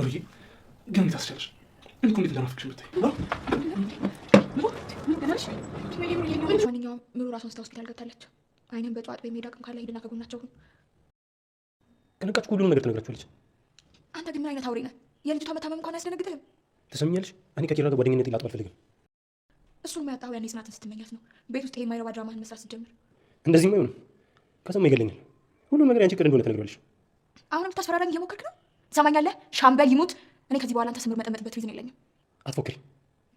ነብዬ ግን ታስቻለሽ እኮ እንዴት እንደናፍቅሽ ምታይ ማንኛውም ምሩ ራሷን ስታ ሆስፒታል ገብታለች። አይንም በጠዋት በሚሄድ አቅም ካለ ሂድና ከጎናቸው ሁን። ከነቃች ሁሉንም ነገር ትነግራችኋለች። አንተ ግን ምን አይነት አውሬ ነህ? የልጅቷ መታመም እንኳን አያስደነግጥህም። ትሰሚኛለሽ? እኔ ከኪራ ጋር ጓደኝነት ላጡ አልፈልግም። እሱን ማያጣሁ ያኔ ጽናትን ስትመኛት ነው። ቤት ውስጥ ይሄ ማይረባ ድራማህን መስራት ስትጀምር እንደዚህም አይሆንም። ከሰማ ይገለኛል። ሁሉም ነገር ያንቺ ቅር እንደሆነ ትነግሪዋለሽ። አሁንም ልታስፈራራኝ እየሞከርክ ነው። ሰማኛለ። ሻምበል ይሙት፣ እኔ ከዚህ በኋላ አንተ ስምር መጠመጥበት ሪዝን የለኝም። አትፎክሪ።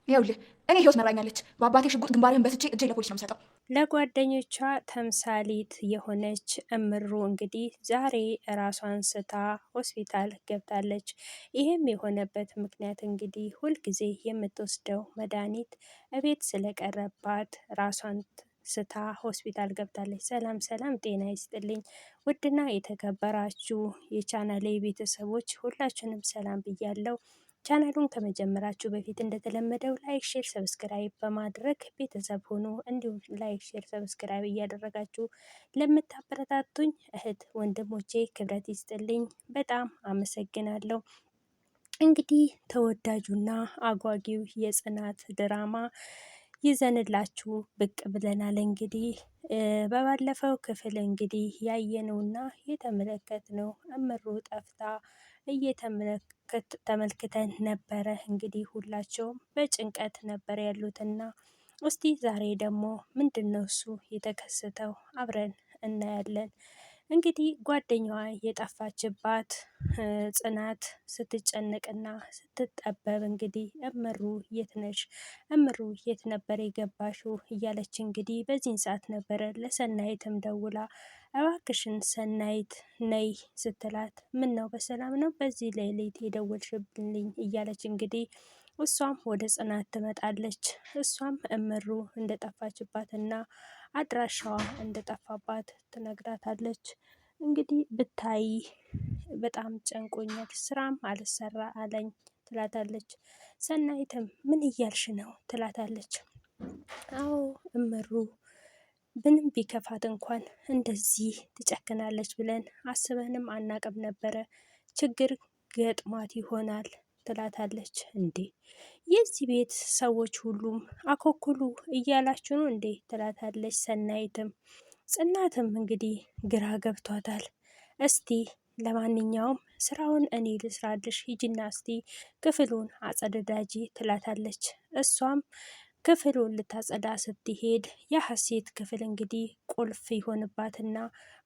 ይኸውልህ እኔ ህይወት መራኛለች። በአባቴ ሽጉጥ ግንባርህን በስቼ እጄ ለፖሊስ ነው የምሰጠው። ለጓደኞቿ ተምሳሌት የሆነች እምሩ እንግዲህ ዛሬ ራሷን ስታ ሆስፒታል ገብታለች። ይህም የሆነበት ምክንያት እንግዲህ ሁልጊዜ የምትወስደው መድኃኒት እቤት ስለቀረባት ራሷን ስታ ሆስፒታል ገብታለች። ሰላም ሰላም፣ ጤና ይስጥልኝ ውድና የተከበራችሁ የቻናሌ ቤተሰቦች ሁላችሁንም ሰላም ብያለው። ቻናሉን ከመጀመራችሁ በፊት እንደተለመደው ላይክ፣ ሼር፣ ሰብስክራይብ በማድረግ ቤተሰብ ሆኖ እንዲሁም ላይክ፣ ሼር፣ ሰብስክራይብ እያደረጋችሁ ለምታበረታቱኝ እህት ወንድሞቼ ክብረት ይስጥልኝ በጣም አመሰግናለሁ። እንግዲህ ተወዳጁና አጓጊው የጽናት ድራማ ይዘንላችሁ ብቅ ብለናል። እንግዲህ በባለፈው ክፍል እንግዲህ ያየነውና የተመለከትነው እምሩ ጠፍታ እየተመልክተን ነበረ። እንግዲህ ሁላቸውም በጭንቀት ነበር ያሉትና እስቲ ዛሬ ደግሞ ምንድን ነው እሱ የተከሰተው አብረን እናያለን። እንግዲህ ጓደኛዋ የጠፋችባት ጽናት ስትጨነቅና ስትጠበብ እንግዲህ እምሩ የት ነሽ? እምሩ የት ነበር የገባሹ? እያለች እንግዲህ በዚህን ሰዓት ነበረ ለሰናይትም ደውላ እባክሽን ሰናይት ነይ ስትላት ምን ነው በሰላም ነው በዚህ ላይ ሌሊት የደወልሽብልኝ? እያለች እንግዲህ እሷም ወደ ጽናት ትመጣለች። እሷም እምሩ እንደጠፋችባትና አድራሻዋ እንደጠፋባት ትነግራታለች። እንግዲህ ብታይ በጣም ጨንቆኛል፣ ስራም አልሰራ አለኝ ትላታለች። ሰናይትም ምን እያልሽ ነው ትላታለች። አዎ እምሩ ምንም ቢከፋት እንኳን እንደዚህ ትጨክናለች ብለን አስበንም አናቅም ነበረ። ችግር ገጥሟት ይሆናል ትላታለች። እንዴ የዚህ ቤት ሰዎች ሁሉም አኮኩሉ እያላችሁ ነው እንዴ ትላታለች። ሰናይትም ጽናትም እንግዲህ ግራ ገብቷታል። እስቲ ለማንኛውም ስራውን እኔ ልስራልሽ፣ ሂጂና እስቲ ክፍሉን አጸደዳጂ ትላታለች። እሷም ክፍሉን ልታጸዳ ስትሄድ የሀሴት ክፍል እንግዲህ ቁልፍ ይሆንባትና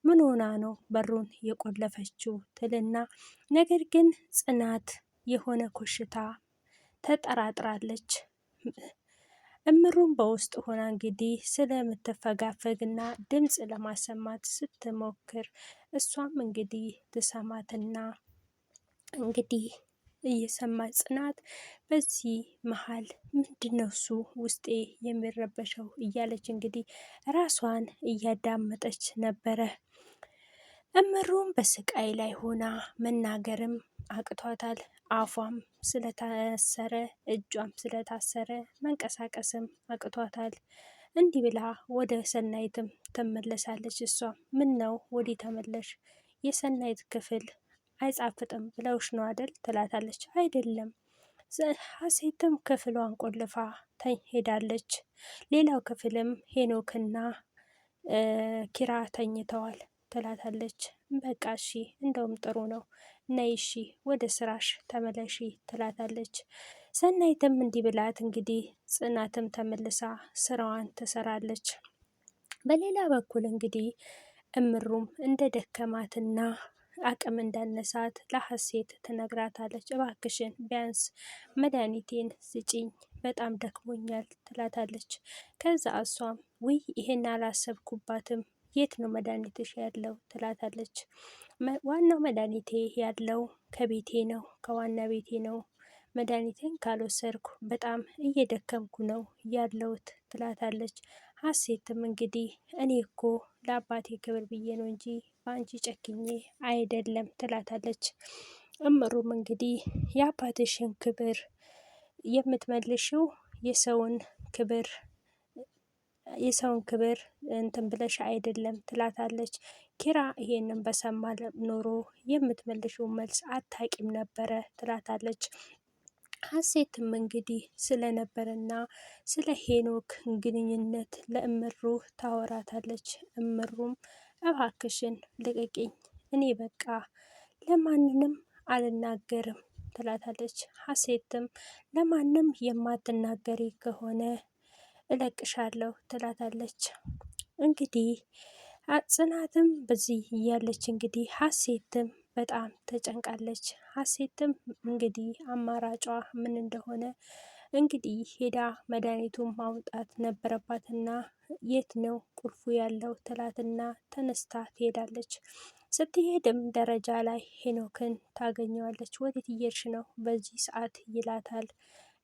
ምን ሆና ነው በሩን የቆለፈችው ትልና ነገር ግን ጽናት የሆነ ኮሽታ ተጠራጥራለች። እምሩም በውስጥ ሆና እንግዲህ ስለምትፈጋፈግና ድምፅ ለማሰማት ስትሞክር እሷም እንግዲህ ትሰማትና እንግዲህ እየሰማ ጽናት በዚህ መሀል ምንድን ነው እሱ ውስጤ የሚረበሸው እያለች እንግዲህ ራሷን እያዳመጠች ነበረ። እምሩም በስቃይ ላይ ሆና መናገርም አቅቷታል። አፏም ስለታሰረ እጇም ስለታሰረ መንቀሳቀስም አቅቷታል። እንዲህ ብላ ወደ ሰናይትም ትመለሳለች። እሷ ምን ነው ወዲህ ተመለሽ፣ የሰናይት ክፍል አይጻፍጥም ብለውሽ ነው አደል ትላታለች። አይደለም ሀሴትም ክፍሏን ቆልፋ ሄዳለች። ሌላው ክፍልም ሄኖክና ኪራ ተኝተዋል። ትላታለች። በቃ እሺ እንደውም ጥሩ ነው ነይ እሺ ወደ ስራሽ ተመለሺ ትላታለች። ሰናይትም እንዲህ ብላት እንግዲህ ጽናትም ተመልሳ ስራዋን ትሰራለች። በሌላ በኩል እንግዲህ እምሩም እንደ ደከማትና አቅም እንዳነሳት ለሀሴት ትነግራታለች። እባክሽን ቢያንስ መድኃኒቴን ስጪኝ በጣም ደክሞኛል ትላታለች። ከዛ እሷም ውይ ይሄን አላሰብኩባትም የት ነው መድኃኒትሽ ያለው ትላታለች። ዋናው መድኃኒቴ ያለው ከቤቴ ነው፣ ከዋና ቤቴ ነው። መድኃኒቴን ካልወሰድኩ በጣም እየደከምኩ ነው ያለውት ትላታለች። ሀሴትም እንግዲህ እኔ እኮ ለአባቴ ክብር ብዬ ነው እንጂ በአንቺ ጨክኜ አይደለም ትላታለች። እምሩም እንግዲህ የአባትሽን ክብር የምትመልሽው የሰውን ክብር የሰውን ክብር እንትን ብለሽ አይደለም ትላታለች። ኪራ ይሄንን በሰማ ኖሮ የምትመልሽው መልስ አታቂም ነበረ ትላታለች። ሀሴትም እንግዲህ ስለነበረና ስለ ሄኖክ ግንኙነት ለእምሩ ታወራታለች። እምሩም እባክሽን ልቀቂኝ፣ እኔ በቃ ለማንንም አልናገርም ትላታለች። ሀሴትም ለማንም የማትናገሪ ከሆነ እለቅሻለሁ ትላታለች። እንግዲህ ጽናትም በዚህ እያለች እንግዲህ ሀሴትም በጣም ተጨንቃለች። ሀሴትም እንግዲህ አማራጯ ምን እንደሆነ እንግዲህ ሄዳ መድኃኒቱን ማውጣት ነበረባትና የት ነው ቁልፉ ያለው ትላትና ተነስታ ትሄዳለች። ስትሄድም ደረጃ ላይ ሄኖክን ታገኘዋለች። ወዴት እየሄድሽ ነው በዚህ ሰዓት ይላታል።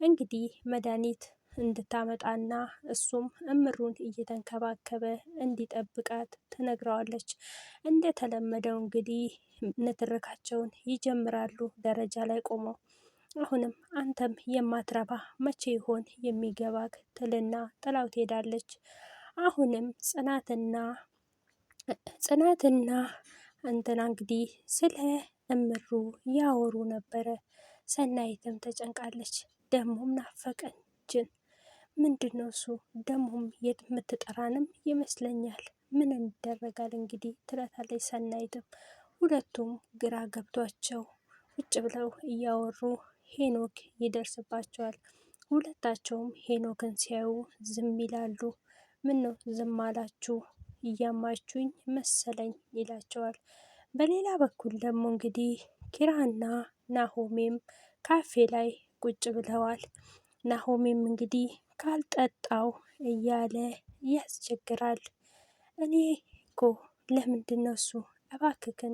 እንግዲህ መድኃኒት እንድታመጣና እሱም እምሩን እየተንከባከበ እንዲጠብቃት ትነግረዋለች። እንደተለመደው እንግዲህ ንትርካቸውን ይጀምራሉ ደረጃ ላይ ቆመው። አሁንም አንተም የማትረባ መቼ ይሆን የሚገባክ ትልና ጥላው ትሄዳለች። አሁንም ጽናትና ጽናትና እንትና እንግዲህ ስለ እምሩ ያወሩ ነበረ። ሰናይትም ተጨንቃለች። ደግሞም ናፈቀችን ምንድነው እሱ ደግሞም የምትጠራንም ይመስለኛል። ምን ይደረጋል እንግዲህ ትላታለች ሰናይትም። ሁለቱም ግራ ገብቷቸው ቁጭ ብለው እያወሩ ሄኖክ ይደርስባቸዋል። ሁለታቸውም ሄኖክን ሲያዩ ዝም ይላሉ። ምን ነው ዝም አላችሁ? እያማችሁኝ መሰለኝ ይላቸዋል። በሌላ በኩል ደግሞ እንግዲህ ኪራና ናሆሜም ካፌ ላይ ቁጭ ብለዋል። ናሆሜም እንግዲህ ካልጠጣው እያለ ያስቸግራል። እኔ እኮ ለምንድነው እሱ እባክክን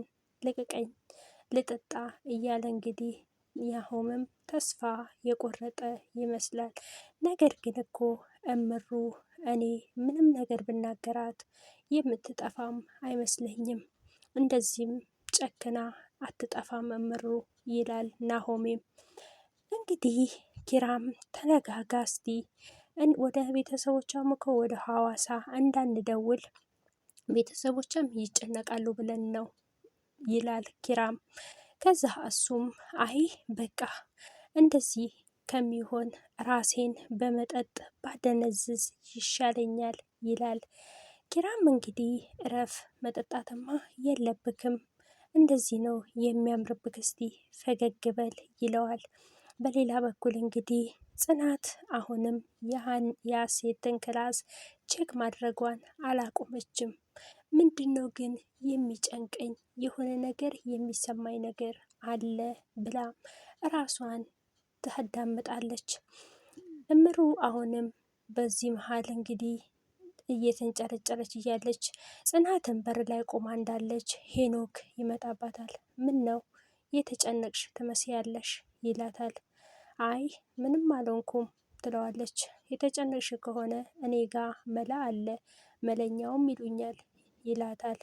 ልጠጣ እያለ እንግዲህ ያሆምም ተስፋ የቆረጠ ይመስላል። ነገር ግን እኮ እምሩ እኔ ምንም ነገር ብናገራት የምትጠፋም አይመስለኝም እንደዚህም ጨክና አትጠፋም እምሩ ይላል ናሆሜም። እንግዲህ ኪራም ተረጋጋ እስቲ ወደ ቤተሰቦቿ እኮ ወደ ሐዋሳ እንዳንደውል ቤተሰቦችም ይጨነቃሉ ብለን ነው ይላል ኪራም። ከዛ እሱም አይ በቃ እንደዚህ ከሚሆን ራሴን በመጠጥ ባደነዝዝ ይሻለኛል ይላል። ኪራም እንግዲህ እረፍ፣ መጠጣትማ የለብክም እንደዚህ ነው የሚያምርብክ፣ እስቲ ፈገግ በል ይለዋል። በሌላ በኩል እንግዲህ ጽናት አሁንም ያህን ክላስ ቼክ ማድረጓን አላቆመችም። ምንድን ነው ግን የሚጨንቀኝ የሆነ ነገር የሚሰማኝ ነገር አለ ብላ ራሷን ታዳምጣለች። እምሩ አሁንም በዚህ መሀል እንግዲህ እየተንጨረጨረች እያለች ጽናትን በር ላይ ቆማ እንዳለች ሄኖክ ይመጣባታል። ምን ነው የተጨነቅሽ ትመስያለሽ? ይላታል። አይ ምንም አልሆንኩም ትለዋለች። የተጨነቅሽ ከሆነ እኔ ጋ መላ አለ፣ መለኛውም ይሉኛል ይላታል።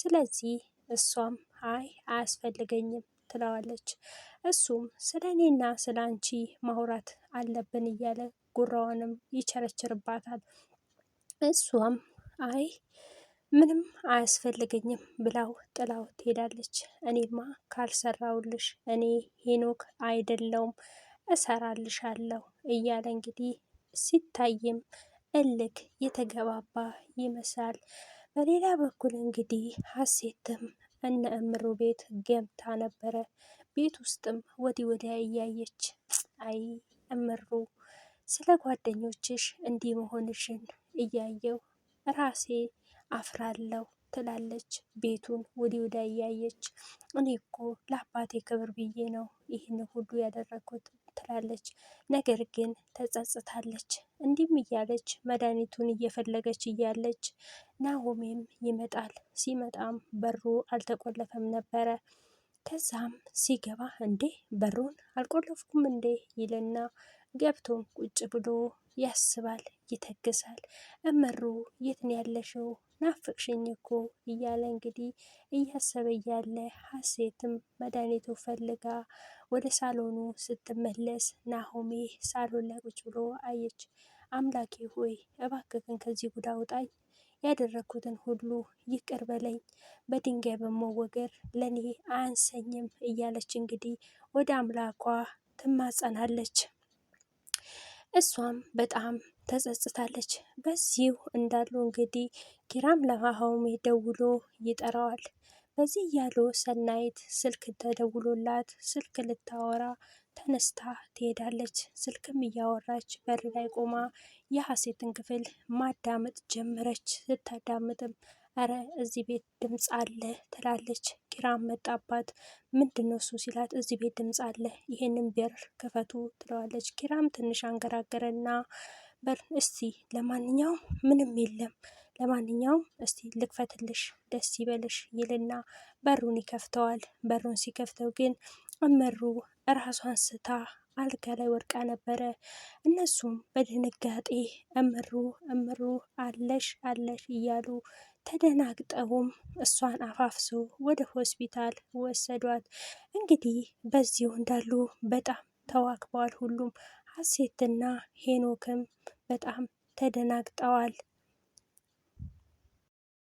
ስለዚህ እሷም አይ አያስፈልገኝም ትለዋለች። እሱም ስለ እኔና ስለ አንቺ ማውራት አለብን እያለ ጉራዋንም ይቸረችርባታል። እሷም አይ ምንም አያስፈልገኝም ብላው ጥላው ትሄዳለች። እኔማ ካልሰራውልሽ እኔ ሄኖክ አይደለውም እሰራልሻለሁ እያለ እንግዲህ ሲታይም እልክ የተገባባ ይመስላል። በሌላ በኩል እንግዲህ ሀሴትም እነ እምሩ ቤት ገብታ ነበረ። ቤት ውስጥም ወዲህ ወዲያ እያየች አይ እምሩ ስለ ጓደኞችሽ እንዲህ መሆንሽን እያየው ራሴ አፍራለሁ ትላለች። ቤቱን ወዲህ ወዲያ እያየች እኔ እኮ ለአባቴ ክብር ብዬ ነው ይህን ሁሉ ያደረኩት ጀምራለች። ነገር ግን ተጸጽታለች። እንዲህም እያለች መድኃኒቱን እየፈለገች እያለች ናሆሜም ይመጣል። ሲመጣም በሩ አልተቆለፈም ነበረ። ከዛም ሲገባ እንዴ በሩን አልቆለፍኩም እንዴ ይልና ገብቶም ቁጭ ብሎ ያስባል፣ ይተግሳል። እመሩ የት ነው ያለሽው? ናፍቅሽኝ እኮ እያለ እንግዲህ እያሰበ እያለ ሀሴትም መድኃኒቱ ፈልጋ ወደ ሳሎኑ ስትመለስ ናሆሜ ሳሎን ላይ ቁጭ ብሎ አየች። አምላኬ ሆይ እባክህን ከዚህ ጉዳ አውጣኝ፣ ያደረግኩትን ሁሉ ይቅር በለኝ፣ በድንጋይ በመወገር ለእኔ አያንሰኝም እያለች እንግዲህ ወደ አምላኳ ትማጸናለች። እሷም በጣም ተጸጽታለች። በዚሁ እንዳሉ እንግዲህ ኪራም ለሀሀውሜ ደውሎ ይጠራዋል። በዚህ እያሉ ሰናይት ስልክ ተደውሎላት ስልክ ልታወራ ተነስታ ትሄዳለች። ስልክም እያወራች በር ላይ ቆማ የሀሴትን ክፍል ማዳመጥ ጀመረች። ስታዳምጥም እረ እዚህ ቤት ድምፅ አለ ትላለች። ኪራም መጣባት። ምንድን ነው እሱ ሲላት እዚህ ቤት ድምፅ አለ፣ ይህንን በር ክፈቱ ትለዋለች። ኪራም ትንሽ አንገራገረና በር እስቲ ለማንኛውም ምንም የለም ለማንኛውም እስቲ ልክፈትልሽ ደስ ይበልሽ ይልና በሩን ይከፍተዋል። በሩን ሲከፍተው ግን እምሩ ራሷን ስታ አልጋ ላይ ወድቃ ነበረ። እነሱም በድንጋጤ እምሩ እምሩ አለሽ አለሽ እያሉ ተደናግጠውም እሷን አፋፍሰው ወደ ሆስፒታል ወሰዷት። እንግዲህ በዚሁ እንዳሉ በጣም ተዋክበዋል ሁሉም ሀሴትና ሄኖክም በጣም ተደናግጠዋል።